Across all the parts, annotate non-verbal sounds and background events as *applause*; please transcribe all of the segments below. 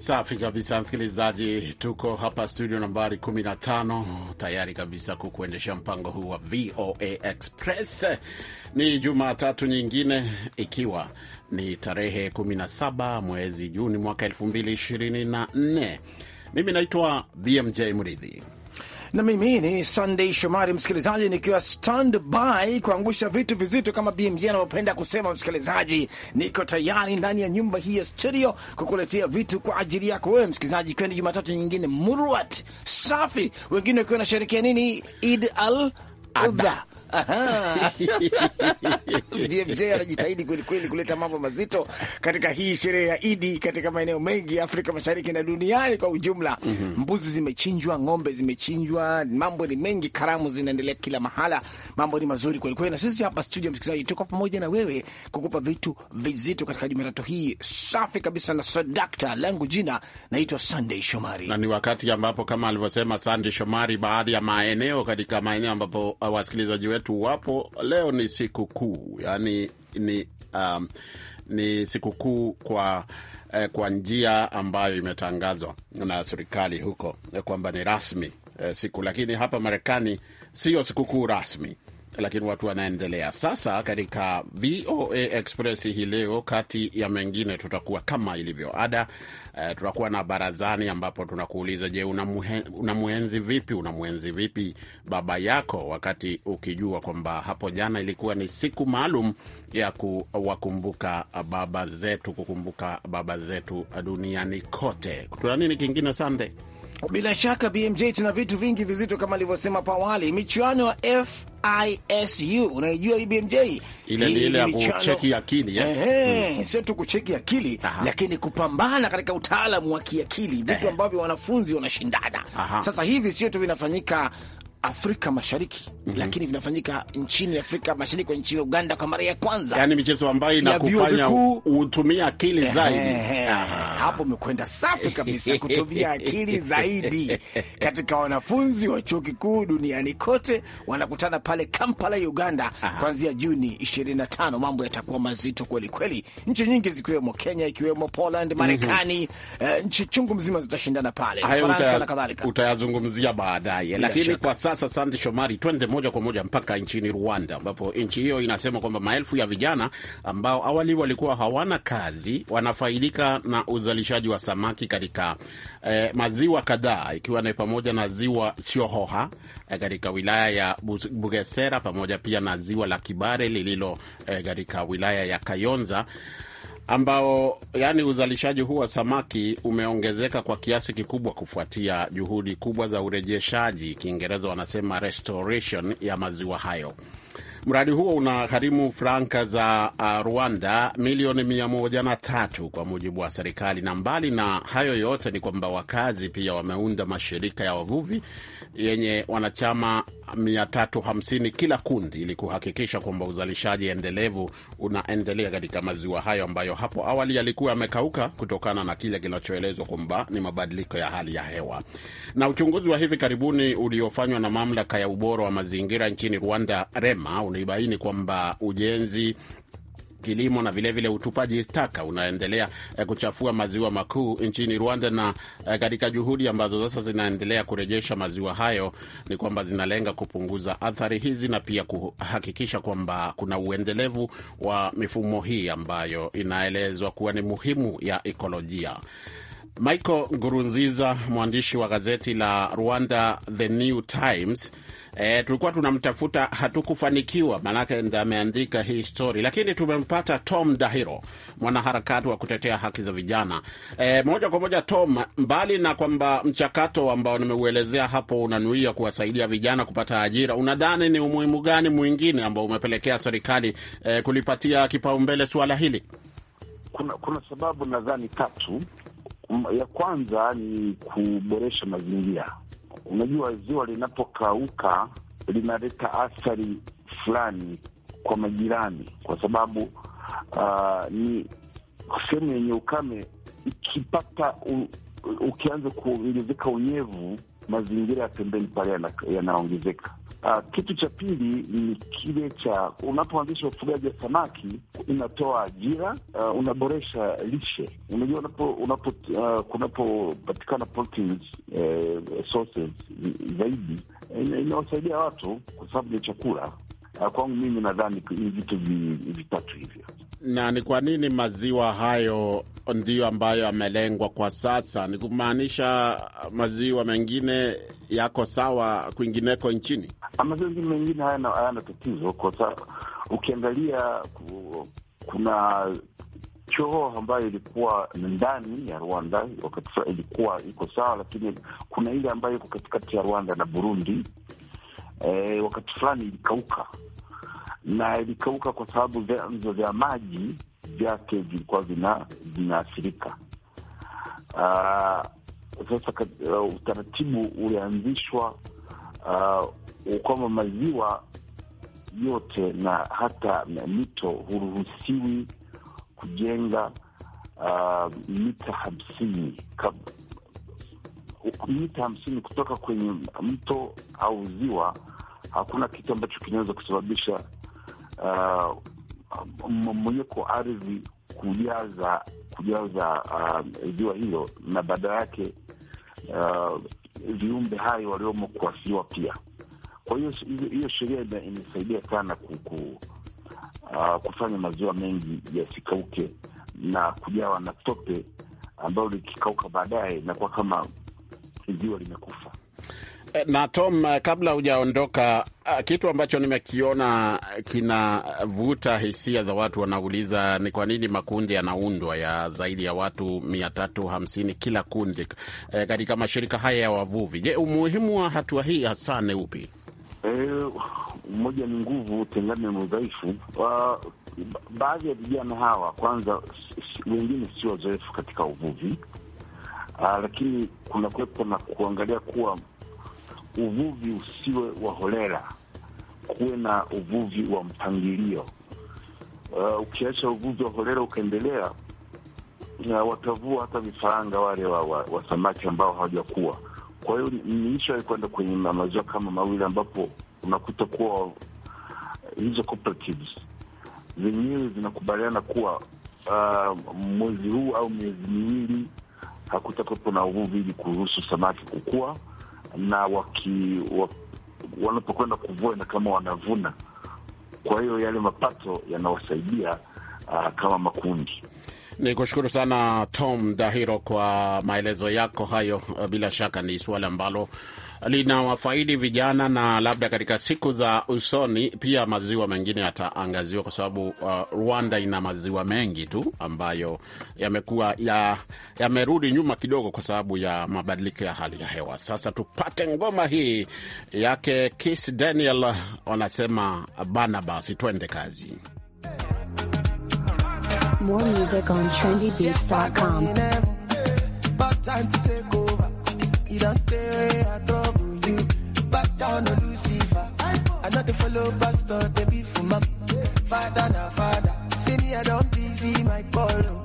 Safi kabisa, msikilizaji, tuko hapa studio nambari 15 tayari kabisa kukuendesha mpango huu wa VOA Express. Ni Jumatatu nyingine ikiwa ni tarehe 17 mwezi Juni mwaka 2024. Mimi naitwa BMJ Mridhi na mimi ni Sunday Shomari, msikilizaji, nikiwa stand by kuangusha vitu vizito kama BMJ anavyopenda kusema. Msikilizaji, niko tayari ndani ya nyumba hii ya studio kukuletea vitu kwa ajili yako wewe msikilizaji, kwendi Jumatatu nyingine murwat safi, wengine wakiwa nasherekea nini Id al Adha DMJ *laughs* anajitahidi kwelikweli kuleta mambo mazito katika hii sherehe ya Idi katika maeneo mengi ya Afrika Mashariki na duniani kwa ujumla. mm -hmm. Mbuzi zimechinjwa, ng'ombe zimechinjwa, mambo ni mengi, karamu zinaendelea kila mahala, mambo ni mazuri kwelikweli. Na sisi hapa studio, msikilizaji, tuko pamoja na wewe kukupa vitu vizito katika Jumatatu hii safi kabisa na sadakta. Langu jina naitwa Sunday Shomari, na ni wakati ambapo kama alivyosema Sunday Shomari, baadhi ya maeneo katika maeneo ambapo uh, wasikilizaji wetu wetu wapo leo. Ni siku kuu, yani ni, um, ni siku kuu kwa eh, kwa njia ambayo imetangazwa na serikali huko eh, kwamba ni rasmi eh, siku, lakini hapa Marekani siyo sikukuu rasmi lakini watu wanaendelea sasa. Katika VOA Express hii leo, kati ya mengine, tutakuwa kama ilivyo ada uh, tutakuwa na barazani ambapo tunakuuliza je, unamwenzi vipi, unamwenzi vipi baba yako, wakati ukijua kwamba hapo jana ilikuwa ni siku maalum ya kuwakumbuka baba zetu, kukumbuka baba zetu duniani kote. Tuna nini kingine, Sande? Bila shaka BMJ, tuna vitu vingi vizito kama alivyosema pawali, michuano ya FISU unaijua hii BMJ, ile ile ya kucheki akili eh? mm. Sio tu kucheki akili Aha. Lakini kupambana katika utaalamu wa kiakili, vitu ambavyo wanafunzi wanashindana Sasa hivi sio tu vinafanyika Afrika Mashariki mm -hmm. Lakini vinafanyika nchini Afrika Mashariki kwenye nchi ya Uganda kwa mara ya kwanza, yani michezo ambayo inakufanya utumie akili zaidi. Hapo umekwenda safi kabisa, kutumia akili zaidi *laughs* katika wanafunzi wa chuo kikuu duniani kote wanakutana pale Kampala, Uganda kuanzia Juni 25. Mambo yatakuwa mazito kweli kweli, nchi nyingi zikiwemo Kenya, ikiwemo Poland, mhm. Marekani mm -hmm. Uh, nchi chungu mzima zitashindana pale, Ufaransa na kadhalika, utayazungumzia baadaye, lakini kwa sasa, sande Shomari, twende moja kwa moja mpaka nchini Rwanda, ambapo nchi hiyo inasema kwamba maelfu ya vijana ambao awali walikuwa hawana kazi wanafaidika na uzalishaji wa samaki katika eh, maziwa kadhaa ikiwa ni pamoja na ziwa Chiohoha eh, katika wilaya ya Bugesera pamoja pia na ziwa la Kibare lililo eh, katika eh, wilaya ya Kayonza ambao yani uzalishaji huu wa samaki umeongezeka kwa kiasi kikubwa kufuatia juhudi kubwa za urejeshaji, Kiingereza wanasema restoration ya maziwa hayo. Mradi huo una gharimu franka za uh, Rwanda milioni mia moja na tatu kwa mujibu wa serikali, na mbali na hayo yote ni kwamba wakazi pia wameunda mashirika ya wavuvi yenye wanachama 350 kila kundi ili kuhakikisha kwamba uzalishaji endelevu unaendelea katika maziwa hayo ambayo hapo awali yalikuwa yamekauka kutokana na kile kinachoelezwa kwamba ni mabadiliko ya hali ya hewa. Na uchunguzi wa hivi karibuni uliofanywa na mamlaka ya ubora wa mazingira nchini Rwanda, REMA, ulibaini kwamba ujenzi kilimo na vilevile vile utupaji taka unaendelea eh, kuchafua maziwa makuu nchini Rwanda, na eh, katika juhudi ambazo sasa zinaendelea kurejesha maziwa hayo ni kwamba zinalenga kupunguza athari hizi na pia kuhakikisha kwamba kuna uendelevu wa mifumo hii ambayo inaelezwa kuwa ni muhimu ya ekolojia. Michael Gurunziza, mwandishi wa gazeti la Rwanda The New Times E, tulikuwa tunamtafuta hatukufanikiwa, maanake ndo ameandika hii story, lakini tumempata Tom Dahiro, mwanaharakati wa kutetea haki za vijana. E, moja kwa moja Tom, mbali na kwamba mchakato ambao nimeuelezea hapo unanuia kuwasaidia vijana kupata ajira, unadhani ni umuhimu gani mwingine ambao umepelekea serikali e, kulipatia kipaumbele suala hili? Kuna, kuna sababu nadhani tatu. Ya kwanza ni kuboresha mazingira Unajua, ziwa linapokauka linaleta athari fulani kwa majirani, kwa sababu uh, ni sehemu yenye ukame, ikipata ukianza kuongezeka unyevu mazingira ya pembeni pale yanaongezeka. Uh, kitu cha pili ni kile cha unapoanzisha ufugaji wa samaki inatoa ajira. Uh, unaboresha lishe. Unajua, unapo unapo uh, kunapopatikana proteins eh, sources zaidi inawasaidia watu kwa sababu ya chakula. Uh, kwangu mimi nadhani ni vitu vitatu hivyo. Na ni kwa nini maziwa hayo ndiyo ambayo yamelengwa kwa sasa? Ni kumaanisha maziwa mengine yako sawa kwingineko nchini? Maziwa mengine hayana hayana tatizo, kwa sababu ukiangalia kuna choo ambayo ilikuwa ndani ya Rwanda wakati ilikuwa iko sawa, lakini kuna ile ambayo iko katikati ya Rwanda na Burundi. E, wakati fulani ilikauka na ilikauka kwa sababu vyanzo vya maji vyake vilikuwa vinaathirika. Ah, sasa uh, utaratibu ulianzishwa uh, kwamba maziwa yote na hata na mito huruhusiwi kujenga uh, mita hamsini mita hamsini kutoka kwenye mto au ziwa. Hakuna kitu ambacho kinaweza kusababisha Uh, mmonyeko wa ardhi kujaza kujaza um, ziwa uh, hilo na baada yake uh, viumbe hayo hai waliomo kuasiwa pia. Kwa hiyo hiyo sheria imesaidia sana kuku, uh, kufanya maziwa mengi yasikauke na kujawa na tope ambayo likikauka baadaye inakuwa kama ziwa limekufa. Eh, na Tom, eh, kabla hujaondoka, eh, kitu ambacho nimekiona kinavuta hisia za watu wanauliza ni kwa nini makundi yanaundwa ya zaidi ya watu mia tatu hamsini kila kundi katika mashirika haya ya wavuvi. Je, umuhimu wa hatua hii hasa ni upi? Mmoja e, ni nguvu, tengane ni udhaifu. Baadhi ya vijana hawa, kwanza, wengine si wazoefu katika uvuvi, ah, lakini kuna kuwepo na kuangalia kuwa uvuvi usiwe wa holela, kuwe na uvuvi wa mpangilio. Uh, ukiacha uvuvi wa holela ukaendelea, uh, watavua hata vifaranga wale wa, wa, wa samaki ambao hawajakuwa. Kwa hiyo nilishawahi kwenda kwenye maziwa kama mawili ambapo unakuta kuwa hizo cooperatives zenyewe zinakubaliana kuwa uh, mwezi huu au miezi miwili hakutakuwepo na uvuvi ili kuruhusu samaki kukua na waki, wa, wanapokwenda kuvua kama wanavuna, kwa hiyo yale mapato yanawasaidia uh, kama makundi. Ni kushukuru sana Tom Dahiro kwa maelezo yako hayo. Bila shaka ni suala ambalo linawafaidi vijana na labda katika siku za usoni pia maziwa mengine yataangaziwa, kwa sababu uh, Rwanda ina maziwa mengi tu ambayo yamekuwa yamerudi ya nyuma kidogo kwa sababu ya mabadiliko ya hali ya hewa. Sasa tupate ngoma hii yake Kiss Daniel, wanasema Barnabas, twende kazi. More music on trendybeats.com. Lucifer. I not the follow pastor, they be for my father, now father. See me, I don't busy my call. Oh.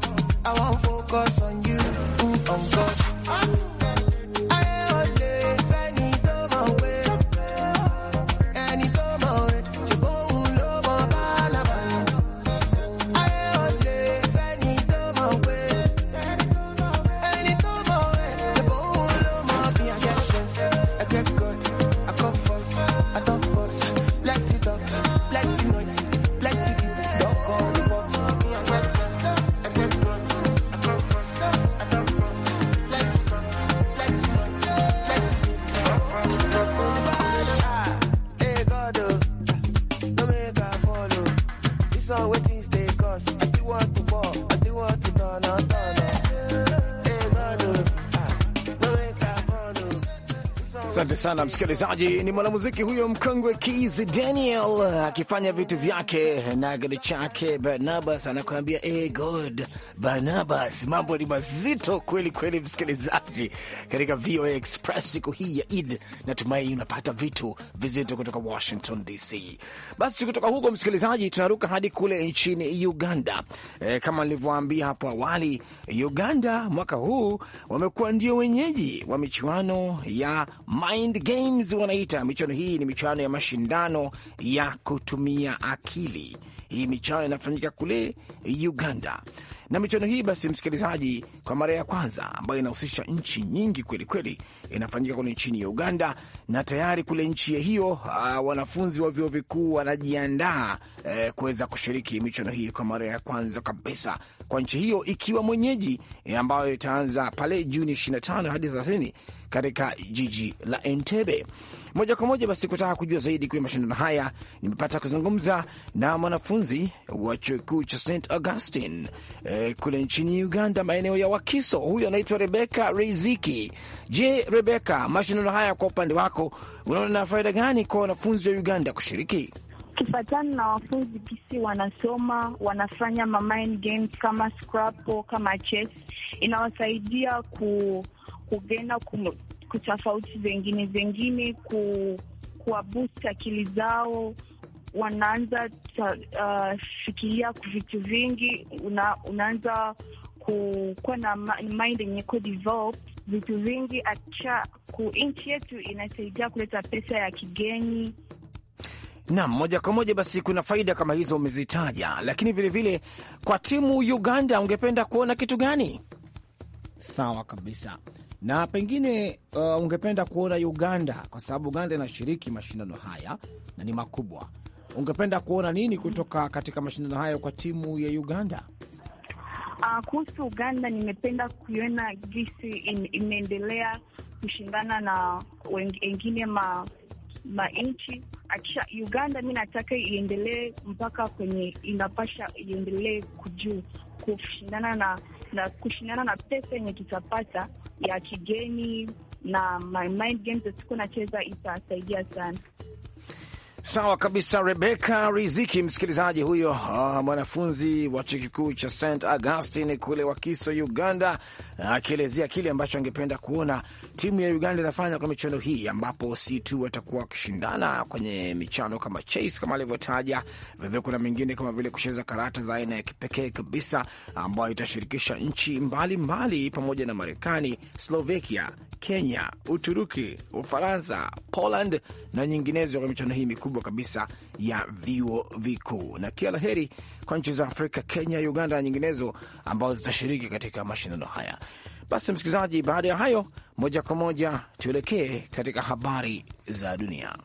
Asante sana msikilizaji, ni mwanamuziki huyo mkongwe Kizz Daniel akifanya vitu vyake na gari chake. Barnabas anakuambia hey eh, God Barnabas. Mambo ni mazito kweli kweli, msikilizaji, katika VOA Express siku hii ya Id. Natumai unapata vitu vizito kutoka Washington DC. Basi kutoka huko msikilizaji, tunaruka hadi kule nchini Uganda. E, kama nilivyoambia hapo awali, Uganda mwaka huu wamekuwa ndio wenyeji wa michuano ya Mind Games wanaita michuano hii. Ni michuano ya mashindano ya kutumia akili. Hii michuano inafanyika kule Uganda, na michuano hii basi, msikilizaji, kwa mara ya kwanza ambayo inahusisha nchi nyingi kweli kweli, inafanyika kule nchini ya Uganda, na tayari kule nchi hiyo uh, wanafunzi wa vyuo vikuu wanajiandaa eh, kuweza kushiriki michuano hii kwa mara ya kwanza kabisa kwa nchi hiyo, ikiwa mwenyeji eh, ambayo itaanza pale Juni 25 hadi katika jiji la Entebbe. Moja kwa moja basi, kutaka kujua zaidi kwenye mashindano haya, nimepata kuzungumza na mwanafunzi wa chuo kikuu cha St Augustine e, kule nchini Uganda, maeneo ya Wakiso. Huyu anaitwa Rebeka Reiziki. Je, Rebeka, mashindano haya kwa upande wako unaona na faida gani kwa wanafunzi wa Uganda kushiriki? Kifatana na wafunzi bisi wanasoma wanafanya ma mind games kama Scrabble, kama chess, inawasaidia ku kugena kutofauti zengine zengine ku, kuwabusti akili zao wanaanza uh, fikiria vitu vingi, una, unaanza kuwa na mind yenye ku develop vitu vingi. Acha ku nchi yetu inasaidia kuleta pesa ya kigeni. nam moja kwa moja basi, kuna faida kama hizo umezitaja, lakini vilevile vile, kwa timu Uganda ungependa kuona kitu gani? Sawa kabisa na pengine uh, ungependa kuona Uganda kwa sababu Uganda inashiriki mashindano haya na ni makubwa. Ungependa kuona nini kutoka katika mashindano hayo kwa timu ya Uganda? Uh, kuhusu Uganda nimependa kuiona jinsi in, imeendelea kushindana na wengine ma manchi akisha Uganda, mi nataka iendelee mpaka kwenye inapasha iendelee kujuu kushindana na na kushindana na pesa yenye tutapata ya kigeni na my mind games tuko nacheza itasaidia sana. Sawa kabisa, Rebeka Riziki, msikilizaji huyo, ah, mwanafunzi wa chuo kikuu cha St Augustine kule Wakiso, Uganda, akielezea ah, kile ambacho angependa kuona timu ya Uganda inafanya kwa michuano hii, ambapo si tu watakuwa wakishindana kwenye michano kama chase kama alivyotaja. Vilevile kuna mengine kama vile kucheza karata za aina ya kipekee kabisa ambayo itashirikisha nchi mbalimbali mbali, pamoja na Marekani, Slovakia, Kenya, Uturuki, Ufaransa, Poland na nyinginezo kwa michuano hii mikubwa kabisa ya vyuo vikuu. Na kila la heri kwa nchi za Afrika, Kenya, Uganda na nyinginezo ambazo zitashiriki katika mashindano haya. Basi msikilizaji, baada ya hayo, moja kwa moja tuelekee katika habari za dunia.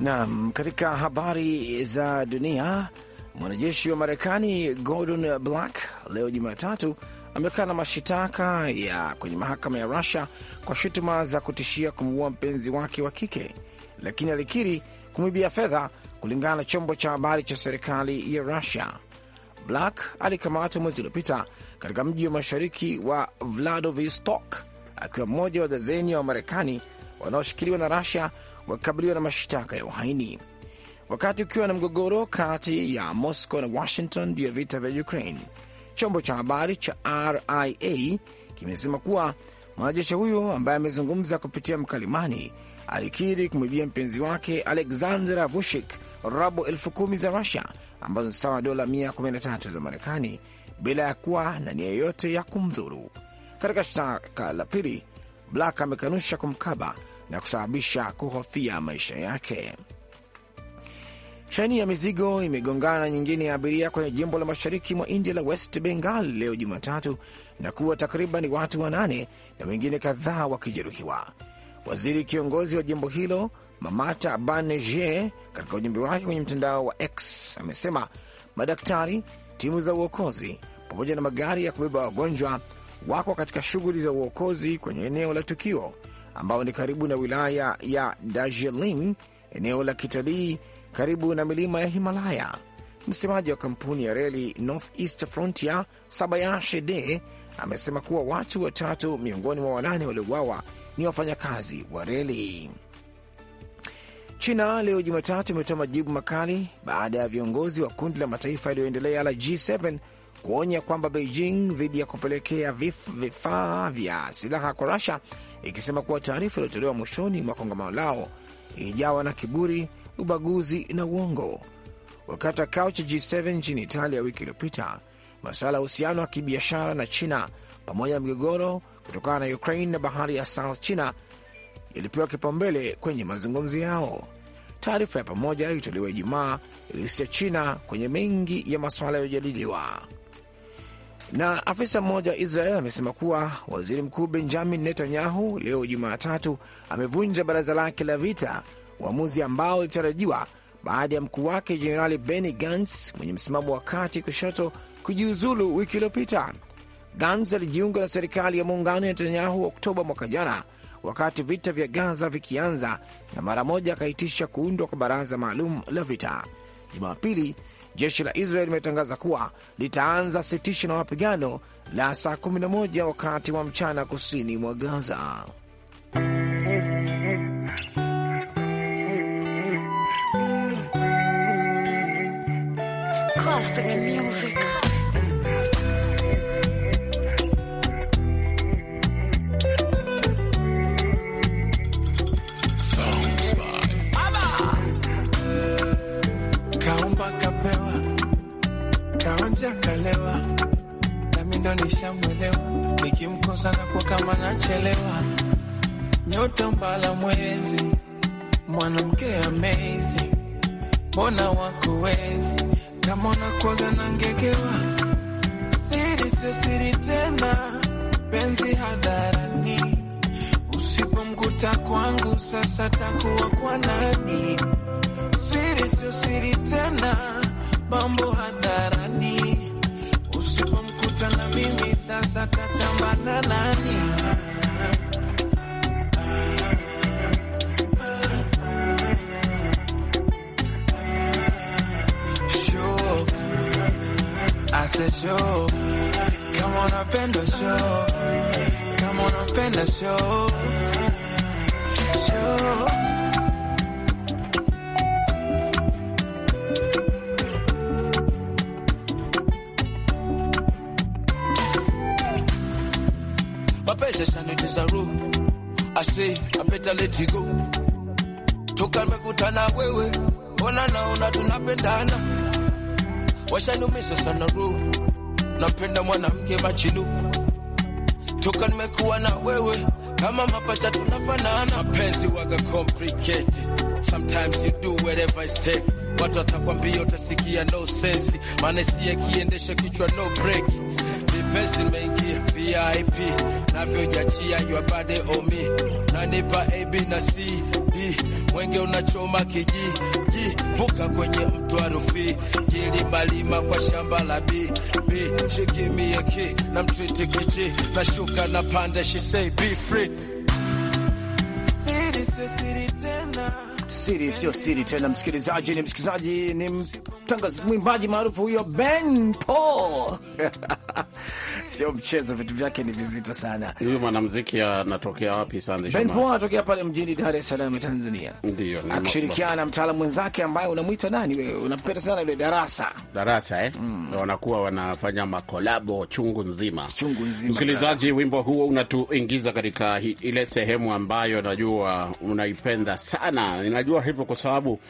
Naam, katika habari za dunia, mwanajeshi wa Marekani Gordon Black leo Jumatatu amekaa na mashitaka ya kwenye mahakama ya Rusia kwa shutuma za kutishia kumuua mpenzi wake wa kike, lakini alikiri kumwibia fedha, kulingana na chombo cha habari cha serikali ya Rusia. Black alikamatwa mwezi uliopita katika mji wa mashariki wa Vladivostok akiwa mmoja wa dazeni ya Wamarekani wanaoshikiliwa na Rusia wakikabiliwa na mashtaka ya uhaini. Wakati ukiwa na mgogoro kati ya Moscow na Washington juu ya vita vya Ukraine, chombo cha habari cha RIA kimesema kuwa mwanajeshi huyo ambaye amezungumza kupitia mkalimani alikiri kumwibia mpenzi wake Alexandra Vushik robo elfu kumi za Rusia ambazo ni sawa dola 113 za Marekani bila ya kuwa na nia yoyote ya kumdhuru. Katika shtaka la pili, Blak amekanusha kumkaba na kusababisha kuhofia maisha yake. Treni ya mizigo imegongana na nyingine ya abiria kwenye jimbo la mashariki mwa India la West Bengal leo Jumatatu na kuwa takriban watu wanane na wengine kadhaa wakijeruhiwa. Waziri kiongozi wa jimbo hilo Mamata Banerjee, katika ujumbe wake kwenye mtandao wa X, amesema madaktari, timu za uokozi pamoja na magari ya kubeba wagonjwa wako katika shughuli za uokozi kwenye eneo la tukio ambao ni karibu na wilaya ya Darjeeling, eneo la kitalii karibu na milima ya Himalaya. Msemaji wa kampuni ya reli northeast Frontier sabayashed De amesema kuwa watu watatu miongoni mwa wanane waliouawa ni wafanyakazi wa reli. China leo Jumatatu imetoa majibu makali baada ya viongozi wa kundi la mataifa yaliyoendelea la G7 kuonya kwamba Beijing dhidi ya kupelekea vifaa vya silaha kwa Rusia, ikisema kuwa taarifa iliyotolewa mwishoni mwa kongamano lao ijawa na kiburi, ubaguzi na uongo. Wakati wa Couch G7 nchini Italia wiki iliyopita, masuala ya uhusiano wa kibiashara na China pamoja na migogoro kutokana na Ukraine na bahari ya South China yalipewa kipaumbele kwenye mazungumzo yao. Taarifa ya pamoja ilitoliwa Ijumaa ilihusia China kwenye mengi ya masuala yaliyojadiliwa. Na afisa mmoja wa Israel amesema kuwa waziri mkuu Benjamin Netanyahu leo Jumatatu amevunja baraza lake la vita, uamuzi ambao ulitarajiwa baada ya mkuu wake Jenerali Benny Gantz mwenye msimamo wa kati kushoto kujiuzulu wiki iliyopita. Gantz alijiunga na serikali ya muungano ya Netanyahu Oktoba mwaka jana wakati vita vya Gaza vikianza, na mara moja akaitisha kuundwa kwa baraza maalum la vita. Jumapili jeshi la Israel limetangaza kuwa litaanza sitisho la mapigano la saa 11 wakati wa mchana kusini mwa Gaza. Classic music. ndo nishamwelewa, nikimkosa na kwa kama nachelewa. Nyota mbala mwezi, mwanamke amazing, mbona wako wezi kama unakwaga na ngegewa. Siri sio siri tena, penzi hadharani, usipomkuta kwangu sasa takuwa kwa nani? Siri sio siri tena, mambo hadharani na mimi sasa tatambana nani? Show, I said show. Kama unapenda show, kama unapenda show better let it go. Toka nimekutana wewe, mbona naona tunapendana, washanumisa sana roho, napenda mwanamke machinu. Toka nimekuwa na wewe, kama mapacha tunafanana. Mapenzi waga complicated, sometimes you do whatever it takes Watu watakwambia utasikia no sense, maana si akiendesha kichwa no break pesi mengi VIP navyojachia jua bade oh omi nanipa AB na CD mwenge unachoma kiji ji vuka kwenye mtu arufi Rufiji jilimalima kwa shamba la B B shikimie na mtriti kichi na shuka na panda she say be free siri so siri tena siri sio siri tena, msikilizaji ni msikilizaji, ni mtangazaji, mwimbaji maarufu huyo Ben Paul *laughs* sio mchezo, vitu vyake ni vizito sana. Huyu mwanamuziki anatokea wapi? Sande Ben Paul anatokea pale mjini Dar es Salaam, Tanzania, ndio akishirikiana na mtaalamu mwenzake ambaye unamwita nani wewe, unampenda sana yule Darasa, Darasa eh? Mm. wanakuwa wanafanya makolabo chungu nzima, chungu nzima. Msikilizaji, wimbo huo unatuingiza katika ile sehemu ambayo najua unaipenda sana Ina najua hivyo kwa sababu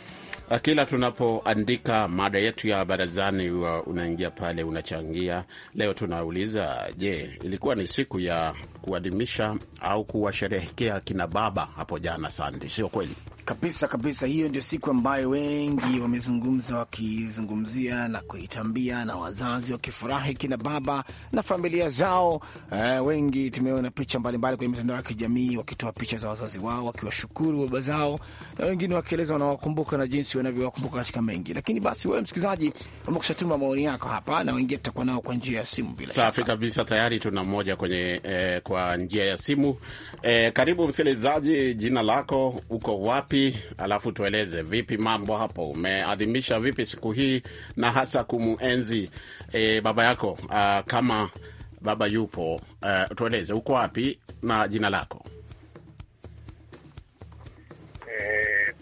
uh, kila tunapoandika mada yetu ya barazani uh, unaingia pale unachangia. Leo tunauliza, je, ilikuwa ni siku ya kuadhimisha au kuwasherehekea kina baba hapo jana? Sande, sio kweli? kabisa kabisa. Hiyo ndio siku ambayo wengi wamezungumza wakizungumzia na kuitambia, na wazazi wakifurahi, kina baba na familia zao. Uh, wengi tumeona picha mbalimbali kwenye mitandao ya kijamii wakitoa picha za wazazi wao wakiwashukuru baba zao, na wengine wakieleza wanawakumbuka na jinsi wanavyowakumbuka katika mengi. Lakini basi wewe msikilizaji, umekushatuma maoni yako hapa, na wengine tutakuwa nao kwa njia ya simu. Bila safi kabisa, tayari tuna mmoja kwenye eh, kwa njia ya simu eh, karibu msikilizaji, jina lako, uko wapi? vipi, alafu tueleze vipi mambo hapo. Umeadhimisha vipi siku hii na hasa kumuenzi e, baba yako? A, kama baba yupo, a, e, tueleze uko wapi na jina lako. E,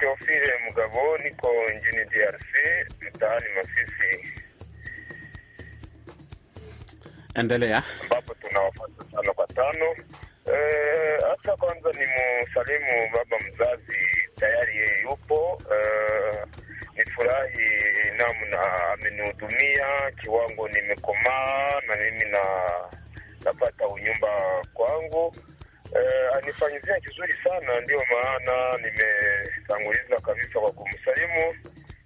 Teofile Mugabo, niko nchini DRC mtaani Masisi. Endelea, ambapo tunawafata tano kwa tano Eh, Hasa e, kwanza ni msalimu baba mzazi, tayari yeye yupo e, eh, ni furahi namna amenihudumia kiwango, nimekomaa na mimi na napata unyumba kwangu. E, anifanyizia kizuri sana, ndiyo maana nimetanguliza kabisa kwa kumsalimu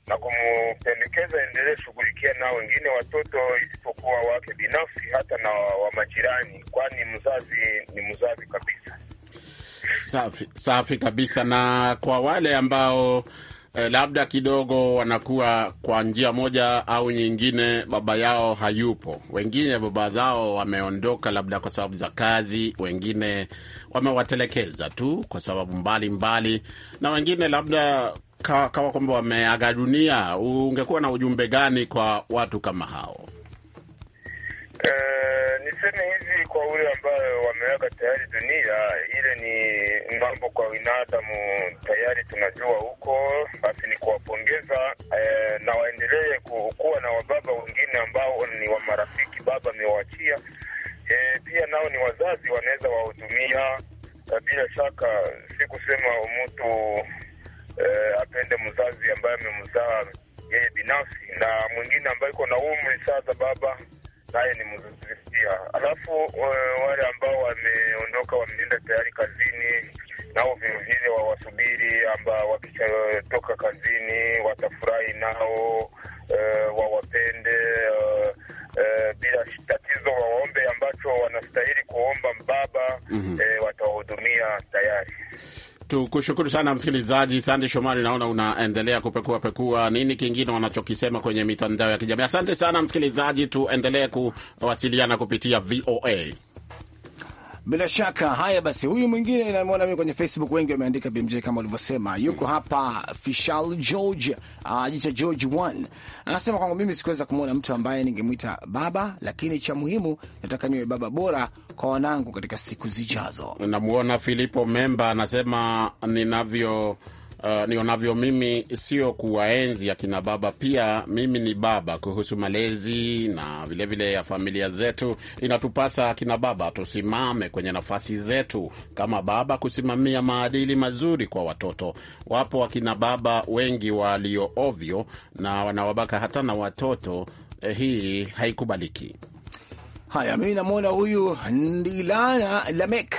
na kumpendekeza endelee shughulikia nao wengine watoto isipokuwa wake binafsi, hata na wa majirani, kwani mzazi ni mzazi kabisa. Safi, safi kabisa. Na kwa wale ambao eh, labda kidogo wanakuwa kwa njia moja au nyingine, baba yao hayupo, wengine baba zao wameondoka, labda kwa sababu za kazi, wengine wamewatelekeza tu kwa sababu mbalimbali mbali, na wengine labda kawa kwamba wameaga dunia. Ungekuwa na ujumbe gani kwa watu kama hao? Eh, Tuseme hivi kwa ule ambayo wameweka tayari dunia ile, ni mambo kwa binadamu tayari tunajua huko, basi ni kuwapongeza eh, na waendelee kuwa na wababa wengine ambao ni wa marafiki baba amewaachia. Eh, pia nao ni wazazi wanaweza wahudumia bila shaka, si kusema mtu eh, apende mzazi ambaye amemzaa yeye binafsi na mwingine ambaye iko na umri sasa baba naye ni mzuri pia. Alafu eh, wale ambao wameondoka wameenda tayari kazini, nao vilevile wawasubiri, amba wakishatoka kazini watafurahi nao, uh, wawapende uh, uh, bila tatizo, waombe ambacho wanastahili kuomba mbaba. mm -hmm. Eh, watawahudumia tayari Tukushukuru sana msikilizaji Sande Shomari, naona unaendelea kupekua pekua nini kingine wanachokisema kwenye mitandao ya kijamii. Asante sana msikilizaji, tuendelee kuwasiliana kupitia VOA bila shaka. Haya basi, huyu mwingine namwona mimi kwenye Facebook, wengi wameandika BMJ kama ulivyosema. Yuko hapa Fishal George, uh, George one anasema, kwangu mimi sikuweza kumwona mtu ambaye ningemwita baba, lakini cha muhimu nataka niwe baba bora kwa wanangu katika siku zijazo. Namwona Filipo Memba anasema ninavyo Uh, nionavyo mimi sio kuwaenzi akina baba, pia mimi ni baba. Kuhusu malezi na vilevile vile ya familia zetu, inatupasa akina baba tusimame kwenye nafasi zetu kama baba, kusimamia maadili mazuri kwa watoto. Wapo akina baba wengi walio ovyo na wanawabaka hata na watoto. Eh, hii haikubaliki. Haya, mi namwona huyu Ndilana Lamek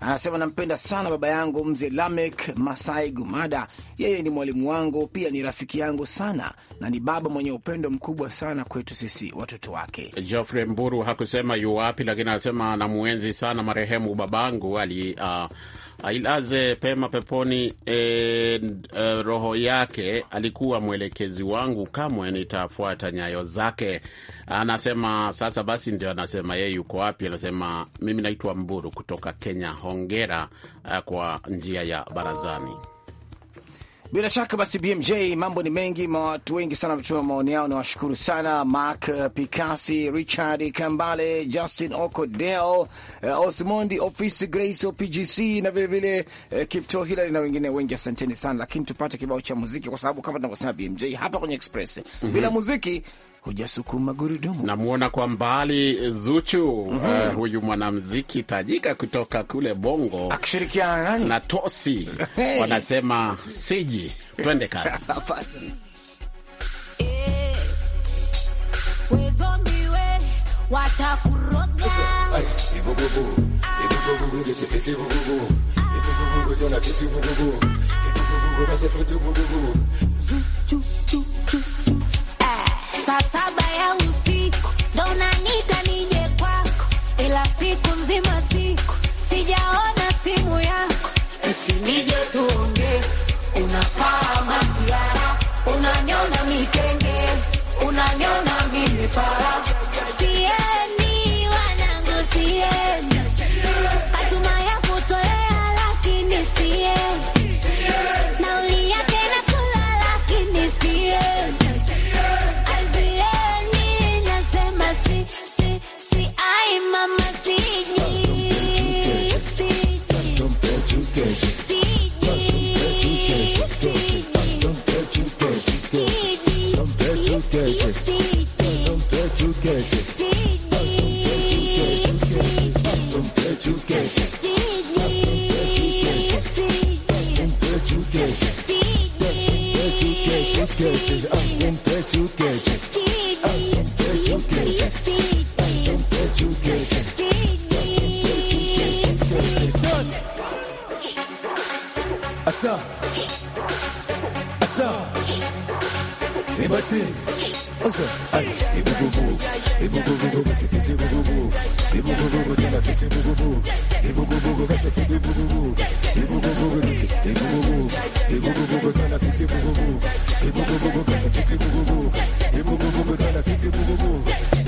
anasema nampenda sana baba yangu mzee Lamek Masai Gumada. Yeye ni mwalimu wangu, pia ni rafiki yangu sana, na ni baba mwenye upendo mkubwa sana kwetu sisi watoto wake. Geoffrey Mburu hakusema yu wapi, lakini anasema namuenzi sana marehemu babangu ali uh, ailaze pema peponi e, e, roho yake. Alikuwa mwelekezi wangu, kamwe nitafuata nyayo zake. Anasema sasa basi, ndio anasema yeye yuko wapi? Anasema mimi naitwa Mburu kutoka Kenya. Hongera uh, kwa njia ya barazani. Bila shaka basi, BMJ, mambo ni mengi, watu wengi sana wametuma maoni yao. Nawashukuru sana Mark uh, Pikasi, Richard Kambale, Justin ocodel uh, Osmondi Office, Grace OPGC na vilevile uh, Kipto Hilary na wengine wengi, asanteni sana. Lakini tupate kibao cha muziki, kwa sababu kama tunavyosema BMJ hapa kwenye Express, mm -hmm. muziki hujasukuma gurudumu. Namwona kwa mbali Zuchu. mm -hmm. Uh, huyu mwanamziki tajika kutoka kule Bongo akishirikiana nani na Tosi hey. Wanasema siji, twende kazi saa saba ya usiku ndo nanita nije kwako, ila siku nzima siku sijaona simu yako, eti nije tuonge Unafaa masiara, unanyona mikenge, unanyona minipara Ibati. What's up? Ibu boo boo. Ibu boo boo boo. Fifty boo boo boo. Ibu boo boo boo. Fifty boo boo boo. Ibu boo boo boo. Fifty boo boo boo. Ibu boo boo boo. Ibu boo boo. Ibu boo boo boo. Fifty boo boo boo. Ibu boo boo boo. Fifty boo boo boo. Ibu boo boo boo. Fifty boo boo boo.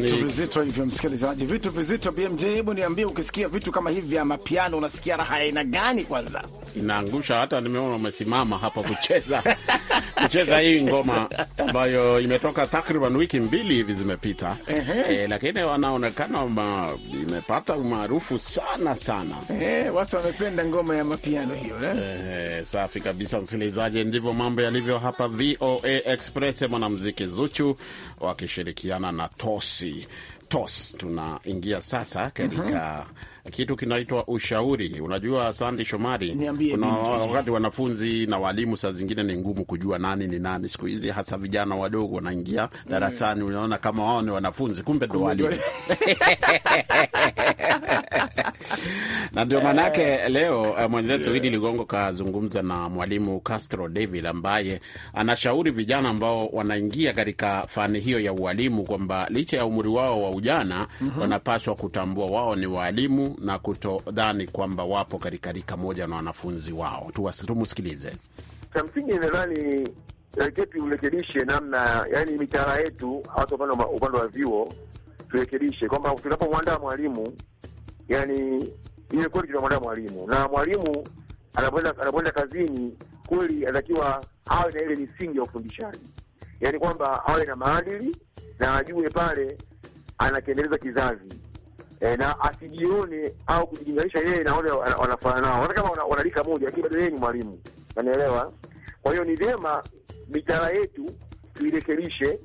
vitu vizito hivyo, msikilizaji, vitu vizito. BMJ, hebu niambie, ukisikia vitu kama hivi vya mapiano unasikia raha aina gani? Kwanza inaangusha, hata nimeona umesimama hapa kucheza *laughs* kucheza hii ngoma ambayo imetoka takriban wiki mbili hivi zimepita, e, lakini wanaonekana ma, imepata umaarufu sana sana. Ehe, watu wamependa ngoma ya mapiano hiyo eh? Ehe, safi kabisa msikilizaji, ndivyo mambo yalivyo hapa VOA Express, Mwanamziki Zuchu wakishirikiana na Tosi Mkamiti Tos. Tunaingia sasa katika uh-huh. kitu kinaitwa ushauri. Unajua Sandi Shomari, kuna wakati wanafunzi na walimu saa zingine ni ngumu kujua nani ni nani. Siku hizi hasa vijana wadogo wanaingia mm. darasani, unaona kama wao ni wanafunzi, kumbe ndo walimu *laughs* *laughs* na ndio maanake eh. leo eh, mwenzetu Idi Ligongo kazungumza na mwalimu Castro David ambaye anashauri vijana ambao wanaingia katika fani hiyo ya ualimu kwamba licha ya umri wao wa ujana mm -hmm. wanapaswa kutambua wao ni waalimu na kutodhani kwamba wapo katika rika moja na wanafunzi wao. Tumsikilize. Cha msingi nadhani eh, turekebishe namna, yani mitaala yetu hasa upande wa vyuo turekebishe kwamba tunapomwandaa mwalimu yani ile kweli tunamwandaa mwalimu na mwalimu anapoenda anapoenda kazini kweli anatakiwa awe na ile misingi ya ufundishaji, yaani kwamba awe na maadili na ajue pale anakiendeleza kizazi e, na asijione au kujilinganisha yeye na wale wanafanana nao, hata kama wanalika moja, lakini bado yeye ni mwalimu, unaelewa? Kwa hiyo ni vyema mitaala yetu tuirekebishe,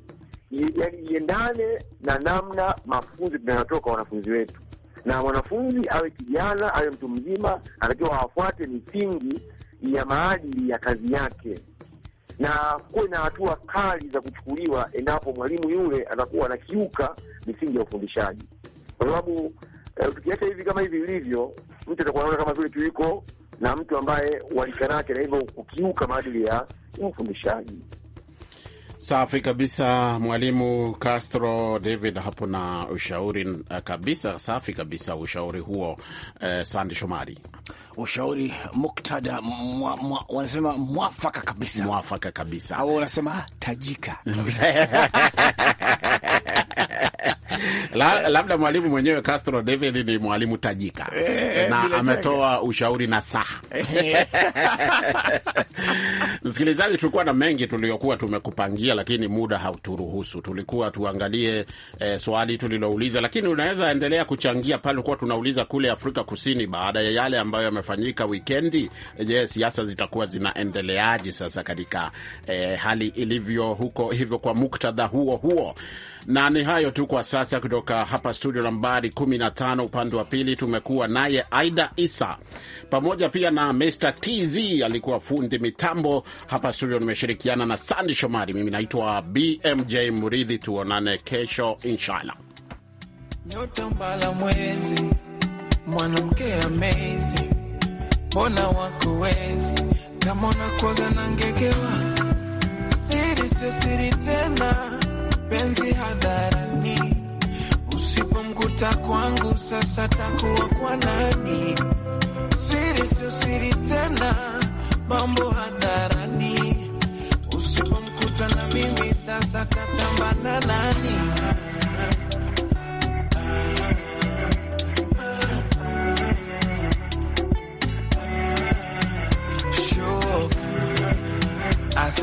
yaani iendane na namna mafunzo tunayotoka wanafunzi wetu na mwanafunzi awe kijana awe mtu mzima, anatakiwa afuate misingi ya maadili ya kazi yake, na kuwe na hatua kali za kuchukuliwa endapo mwalimu yule atakuwa anakiuka misingi ya ufundishaji, kwa sababu eh, tukiacha hivi kama hivi ilivyo, mtu atakuwa anaona kama vile tuiko na mtu ambaye walikanake na hivyo kukiuka maadili ya ufundishaji. Safi kabisa, Mwalimu Castro David hapo na ushauri eh, kabisa, safi kabisa ushauri huo. Eh, Sandi Shomari, ushauri muktada mwa, mwa, wanasema mwafaka kabisa, mwafaka kabisa, au wanasema tajika kabisa *laughs* La, eh. labda mwalimu mwenyewe Castro David ni mwalimu tajika eh, eh, eh na ametoa shaka. ushauri na saha *laughs* msikilizaji, tulikuwa na mengi tuliyokuwa tumekupangia, lakini muda hauturuhusu. Tulikuwa tuangalie eh, swali tulilouliza, lakini unaweza endelea kuchangia pale. Tulikuwa tunauliza kule Afrika Kusini, baada ya yale ambayo yamefanyika wikendi, je, yes, siasa zitakuwa zinaendeleaje sasa katika eh, hali ilivyo huko hivyo, kwa muktadha huo huo, na ni hayo tu kwa sasa kutoka kutoka hapa studio nambari 15 upande wa pili tumekuwa naye Aida Isa pamoja pia na Mr TZ alikuwa fundi mitambo hapa studio. Nimeshirikiana na Sandi Shomari, mimi naitwa BMJ Muridhi. Tuonane kesho inshallah. Nyota mbala mwezi, mwanamke amazing, mbona wako wenzi, kama unakwaga na ngegewa, siri sio siri tena, penzi hadharani Usipomkuta kwangu sasa takuwa kwa nani? Siri sio siri tena, mambo hadharani. Usipomkuta na mimi sasa na nani?